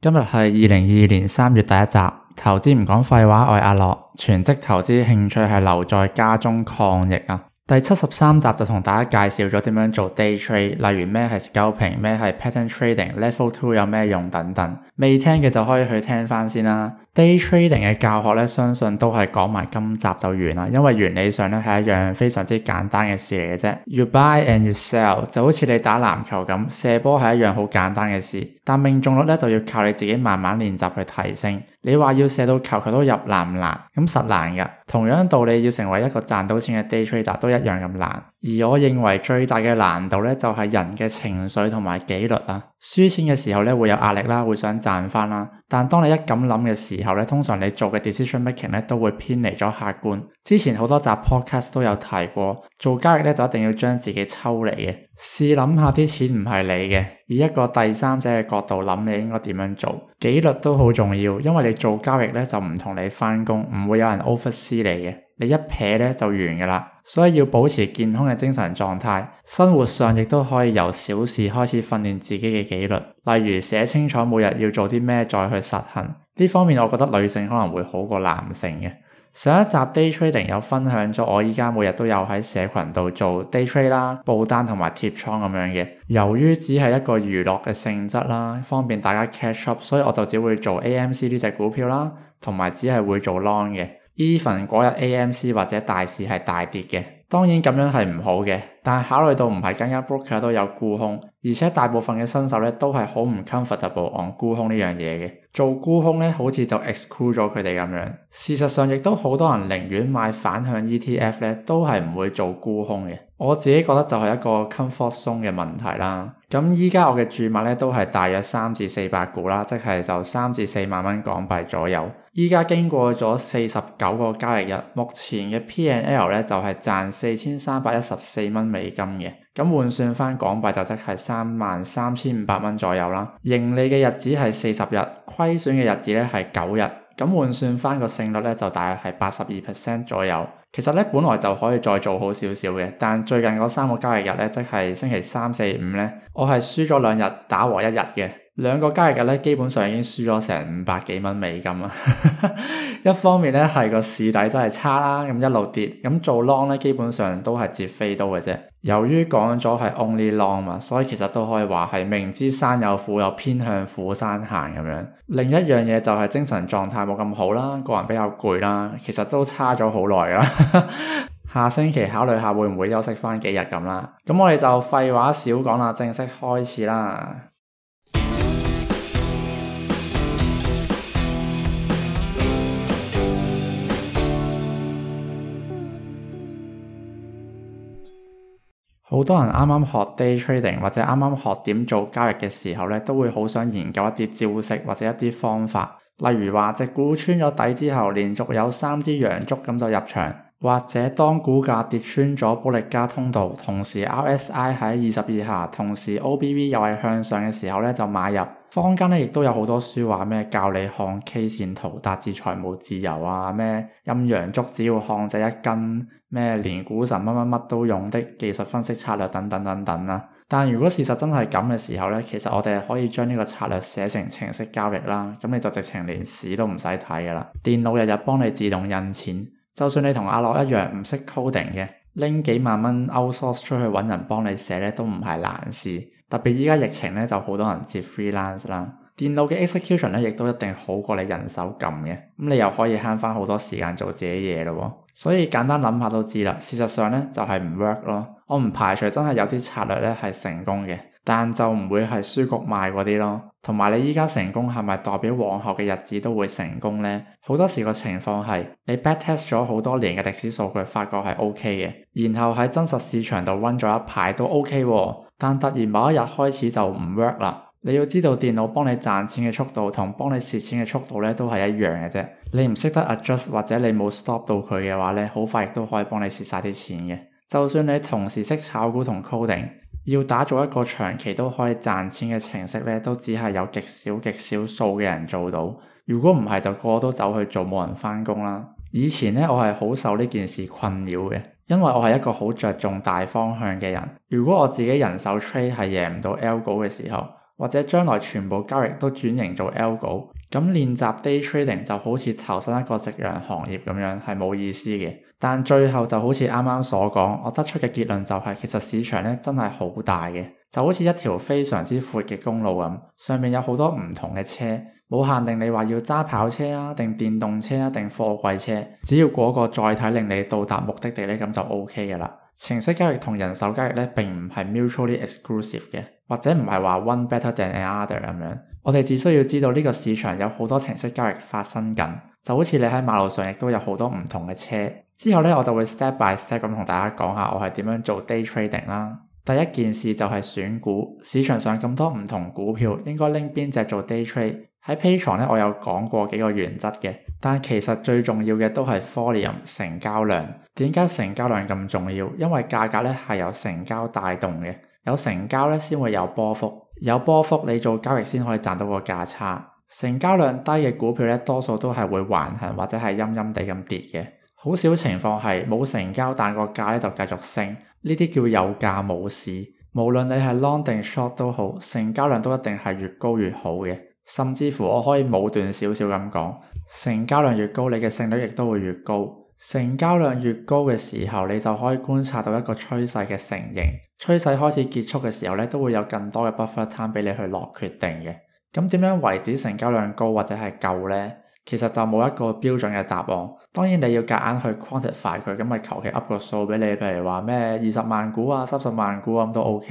今日係二零二二年三月第一集，投資唔講廢話，我係阿樂，全職投資，興趣係留在家中抗疫啊！第七十三集就同大家介紹咗點樣做 day trade，例如咩係 scalping，咩係 pattern trading，level two 有咩用等等，未聽嘅就可以去聽翻先啦。day trading 嘅教學咧，相信都係講埋今集就完啦，因為原理上咧係一樣非常之簡單嘅事嚟嘅啫。You buy and you sell，就好似你打籃球咁，射波係一樣好簡單嘅事，但命中率咧就要靠你自己慢慢練習去提升。你話要射到球球都入籃唔難，咁實難噶。同樣道理，要成為一個賺到錢嘅 day trader 都一樣咁難。而我認為最大嘅難度咧，就係人嘅情緒同埋紀律啊。輸錢嘅時候咧會有壓力啦，會想賺翻啦。但係當你一咁諗嘅時候咧，通常你做嘅 decision making 咧都會偏離咗客觀。之前好多集 podcast 都有提過，做交易咧就一定要將自己抽離嘅。試諗下啲錢唔係你嘅，以一個第三者嘅角度諗，你應該點樣做？紀律都好重要，因為你做交易咧就唔同你翻工，唔會有人 oversee 你嘅。你一撇咧就完㗎喇，所以要保持健康嘅精神狀態，生活上亦都可以由小事開始訓練自己嘅紀律，例如寫清楚每日要做啲咩再去實行。呢方面我覺得女性可能會好過男性嘅。上一集 day trading 有分享咗，我依家每日都有喺社群度做 day trade 啦、報單同埋貼倉咁樣嘅。由於只係一個娛樂嘅性質啦，方便大家 catch up，所以我就只會做 AMC 呢隻股票啦，同埋只係會做 long 嘅。even 嗰日 AMC 或者大市係大跌嘅。當然咁樣係唔好嘅。但考慮到唔係間間 broker 都有沽空，而且大部分嘅新手咧都係好唔 comfortable on 沽空呢樣嘢嘅，做沽空咧好似就 exclude 咗佢哋咁樣。事實上亦都好多人寧願買反向 ETF 咧，都係唔會做沽空嘅。我自己覺得就係一個 comfort zone 嘅問題啦。咁依家我嘅注碼咧都係大約三至四百股啦，即係就三至四萬蚊港幣左右。依家經過咗四十九個交易日，目前嘅 P&L 咧就係賺四千三百一十四蚊美金嘅，咁換算翻港幣就即係三萬三千五百蚊左右啦。盈利嘅日子係四十日，虧損嘅日子咧係九日，咁換算翻個勝率咧就大約係八十二 percent 左右。其實咧本來就可以再做好少少嘅，但最近嗰三個交易日咧，即係星期三四五咧，我係輸咗兩日打和一日嘅。兩個交易日咧，基本上已經輸咗成五百幾蚊美金啦。 一方面咧，係個市底真係差啦，咁一路跌，咁做 long 咧，基本上都係接飛刀嘅啫。由於講咗係 only long 嘛，所以其實都可以話係明知山有虎，又偏向虎山行咁樣。另一樣嘢就係精神狀態冇咁好啦，個人比較攰啦，其實都差咗好耐啦。 下星期考慮下會唔會休息返幾日咁啦。咁我哋就廢話少講啦，正式開始啦。好多人啱啱學 day trading 或者啱啱學點做交易嘅時候呢，都會好想研究一啲招式或者一啲方法，例如話隻股穿咗底之後，連續有三支陽燭咁就入場，或者當股價跌穿咗保力加通道，同時 R S I 喺二十以下，同時 O B V 又係向上嘅時候呢，就買入。坊間咧，亦都有好多書話咩教你看 K 線圖達至財務自由啊，咩陰陽足，只要看呢一根咩連股神乜乜乜都用的技術分析策略等等等等啦、啊。但如果事實真係咁嘅時候咧，其實我哋係可以將呢個策略寫成程式交易啦，咁你就直情連市都唔使睇噶啦，電腦日日幫你自動印錢。就算你同阿樂一樣唔識 coding 嘅，拎幾萬蚊 outsource 出去揾人幫你寫咧，都唔係難事。特別依家疫情咧，就好多人接 freelance 啦。電腦嘅 execution 咧，亦都一定好過你人手撳嘅。咁你又可以慳翻好多時間做自己嘢咯。所以簡單諗下都知啦。事實上咧，就係唔 work 咯。我唔排除真係有啲策略咧係成功嘅。但就唔會係書局賣嗰啲咯，同埋你依家成功係咪代表往後嘅日子都會成功呢？好多時個情況係你 backtest 咗好多年嘅歷史數據，發覺係 OK 嘅，然後喺真實市場度 run 咗一排都 OK 喎，但突然某一日開始就唔 work 啦。你要知道電腦幫你賺錢嘅速度同幫你蝕錢嘅速度咧都係一樣嘅啫。你唔識得 adjust 或者你冇 stop 到佢嘅話咧，好快亦都可以幫你蝕晒啲錢嘅。就算你同時識炒股同 coding。要打造一個長期都可以賺錢嘅程式咧，都只係有極少極少數嘅人做到。如果唔係，就個個都走去做，冇人返工啦。以前咧，我係好受呢件事困擾嘅，因為我係一個好着重大方向嘅人。如果我自己人手 trade 係贏唔到 algo 嘅時候，或者將來全部交易都轉型做 algo 咁練習 day trading 就好似投身一個夕陽行業咁樣，係冇意思嘅。但最後就好似啱啱所講，我得出嘅結論就係，其實市場咧真係好大嘅，就好似一條非常之闊嘅公路咁，上面有好多唔同嘅車，冇限定你話要揸跑車啊，定電動車啊，定貨櫃車，只要嗰個載體令你到達目的地咧，咁就 OK 噶啦。程式交易同人手交易咧，並唔係 mutually exclusive 嘅。或者唔係話 one better than another 咁樣，我哋只需要知道呢個市場有好多程式交易發生緊，就好似你喺馬路上亦都有好多唔同嘅車。之後呢，我就會 step by step 咁同大家講下我係點樣做 day trading 啦。第一件事就係選股，市場上咁多唔同股票，應該拎邊隻做 day trade？喺 Patreon 呢，我有講過幾個原則嘅，但其實最重要嘅都係 volume 成交量。點解成交量咁重要？因為價格呢係由成交帶動嘅。有成交咧，先會有波幅；有波幅，你做交易先可以賺到個價差。成交量低嘅股票咧，多數都係會橫行或者係陰陰地咁跌嘅。好少情況係冇成交，但個價咧就繼續升。呢啲叫有價冇市。無論你係 long 定 short 都好，成交量都一定係越高越好嘅。甚至乎我可以武斷少少咁講，成交量越高，你嘅勝率亦都會越高。成交量越高嘅時候，你就可以觀察到一個趨勢嘅成形。趨勢開始結束嘅時候咧，都會有更多嘅 buffer time 俾你去落決定嘅。咁點樣維持成交量高或者係夠呢？其實就冇一個標準嘅答案。當然你要夾硬硬去 quantify 佢，咁咪求其 up 個數俾你。譬如話咩二十萬股啊、三十萬股咁啊，都 OK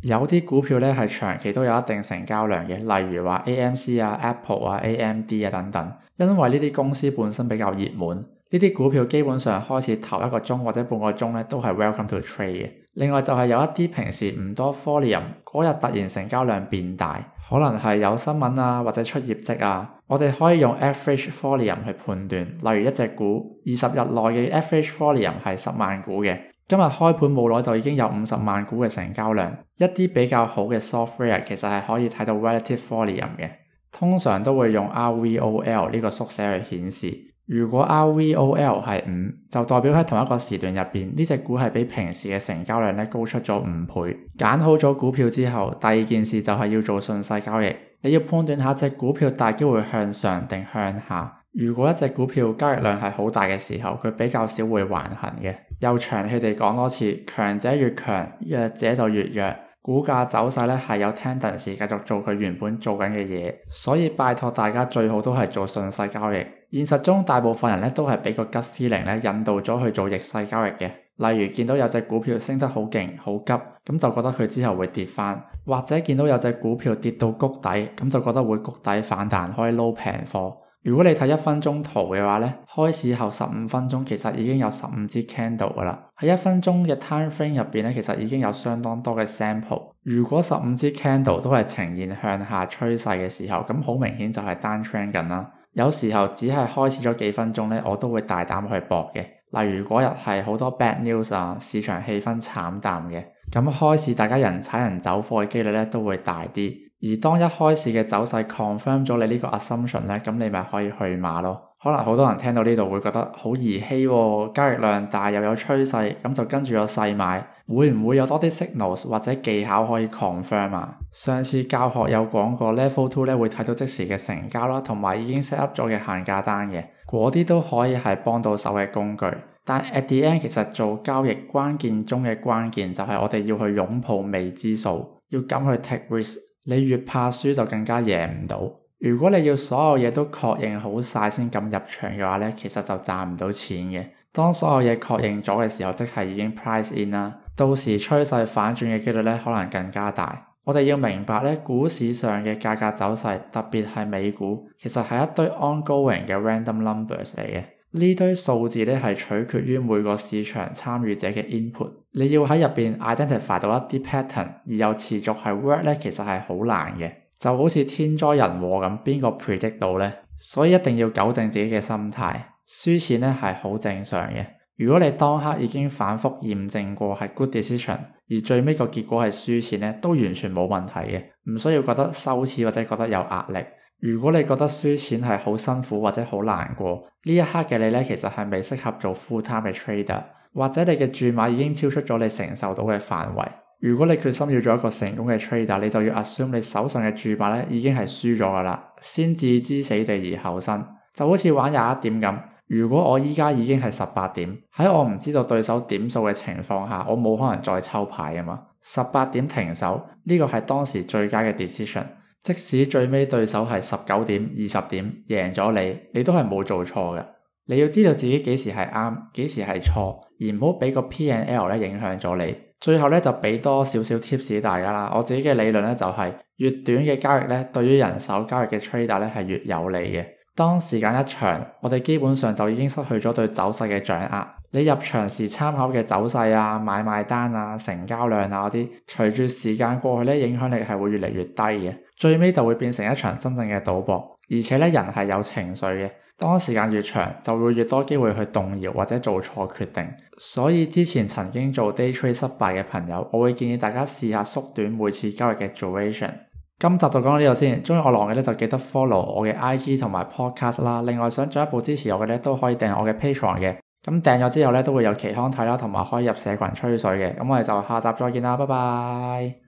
嘅。有啲股票咧係長期都有一定成交量嘅，例如話 AMC 啊、Apple 啊、AMD 啊等等，因為呢啲公司本身比較熱門。呢啲股票基本上開始頭一個鐘或者半個鐘咧，都係 welcome to trade 嘅。另外就係有一啲平時唔多 volume 嗰日突然成交量變大，可能係有新聞啊或者出業績啊，我哋可以用 average volume 去判斷。例如一隻股二十日內嘅 average volume 係十萬股嘅，今日開盤冇耐就已經有五十萬股嘅成交量。一啲比較好嘅 software 其實係可以睇到 relative volume 嘅，通常都會用 RVOL 呢個縮寫去顯示。如果 RVOL 係五，就代表喺同一個時段入邊，呢隻股係比平時嘅成交量高出咗五倍。揀好咗股票之後，第二件事就係要做順勢交易。你要判斷一下一隻股票大機會向上定向下。如果一隻股票交易量係好大嘅時候，佢比較少會橫行嘅。又長氣地講多次，強者越強，弱者就越弱。股價走勢呢，係有 tendency 繼續做佢原本做緊嘅嘢，所以拜託大家最好都係做順勢交易。現實中大部分人咧，都係俾個 gut feeling，呢引導咗去做逆勢交易嘅。例如見到有隻股票升得好勁，好急，咁就覺得佢之後會跌返，或者見到有隻股票跌到谷底，咁就覺得會谷底反彈，可以撈平貨。如果你睇一分鐘圖嘅話呢，開始後十五分鐘其實已經有十五支 candle 噶啦，喺一分鐘嘅 time frame 入邊呢，其實已經有相當多嘅 sample。如果十五支 candle 都係呈現向下趨勢嘅時候，咁好明顯就係 down trend 緊啦。有時候只係開始咗幾分鐘呢，我都會大膽去搏嘅。嗱，如果係好多 bad news 啊，市場氣氛慘淡嘅，咁開始大家人踩人走貨嘅機率呢，都會大啲。而當一開始嘅走勢 confirm 咗你呢個 assumption 呢，咁你咪可以去買咯。可能好多人聽到呢度會覺得好兒戲，交易量大又有趨勢，咁就跟住個勢買，會唔會有多啲 signals 或者技巧可以 confirm 啊？上次教學有講過 level two 咧，會睇到即時嘅成交啦，同埋已經 set up 咗嘅限價單嘅嗰啲都可以係幫到手嘅工具。但 at the end 其實做交易關鍵中嘅關鍵就係我哋要去擁抱未知數，要敢去 take risk。你越怕輸就更加贏唔到。如果你要所有嘢都確認好晒先敢入場嘅話咧，其實就賺唔到錢嘅。當所有嘢確認咗嘅時候，即係已經 price in 啦。到時趨勢反轉嘅幾率咧，可能更加大。我哋要明白咧，股市上嘅價格走勢，特別係美股，其實係一堆 ongoing 嘅 random numbers 嚟嘅。呢堆數字咧係取決於每個市場參與者嘅 input。你要喺入邊 identify 到一啲 pattern，而又持續係 work 咧，其實係好難嘅。就好似天災人禍咁，邊個 predict 到咧？所以一定要糾正自己嘅心態。輸錢咧係好正常嘅。如果你當刻已經反覆驗證過係 good decision，而最尾個結果係輸錢咧，都完全冇問題嘅，唔需要覺得羞恥或者覺得有壓力。如果你覺得輸錢係好辛苦或者好難過，呢一刻嘅你咧其實係未適合做 full time 嘅 trader，或者你嘅注碼已經超出咗你承受到嘅範圍。如果你決心要做一個成功嘅 trader，你就要 assume 你手上嘅注碼咧已經係輸咗噶啦，先置之死地而後生。就好似玩廿一點咁，如果我依家已經係十八點，喺我唔知道對手點數嘅情況下，我冇可能再抽牌啊嘛。十八點停手，呢個係當時最佳嘅 decision。即使最尾對手係十九點二十點贏咗你，你都係冇做錯嘅。你要知道自己幾時係啱，幾時係錯，而唔好俾個 P&L 咧影響咗你。最後咧就俾多少少 tips 大家啦。我自己嘅理論咧就係、是、越短嘅交易咧，對於人手交易嘅 Trader 咧係越有利嘅。當時間一長，我哋基本上就已經失去咗對走勢嘅掌握。你入場時參考嘅走勢啊、買賣單啊、成交量啊嗰啲，隨住時間過去咧，影響力係會越嚟越低嘅。最尾就會變成一場真正嘅賭博，而且咧，人係有情緒嘅，當時間越長就會越多機會去動搖或者做錯決定。所以之前曾經做 day trade 失敗嘅朋友，我會建議大家試下縮短每次交易嘅 duration。今集就講到呢度先，中意我嘅咧就記得 follow 我嘅 IG 同埋 podcast 啦。另外想進一步支持我嘅咧都可以訂我嘅 Patreon 嘅，咁訂咗之後咧都會有期刊睇啦，同埋可以入社群吹水嘅。咁我哋就下集再見啦，拜拜。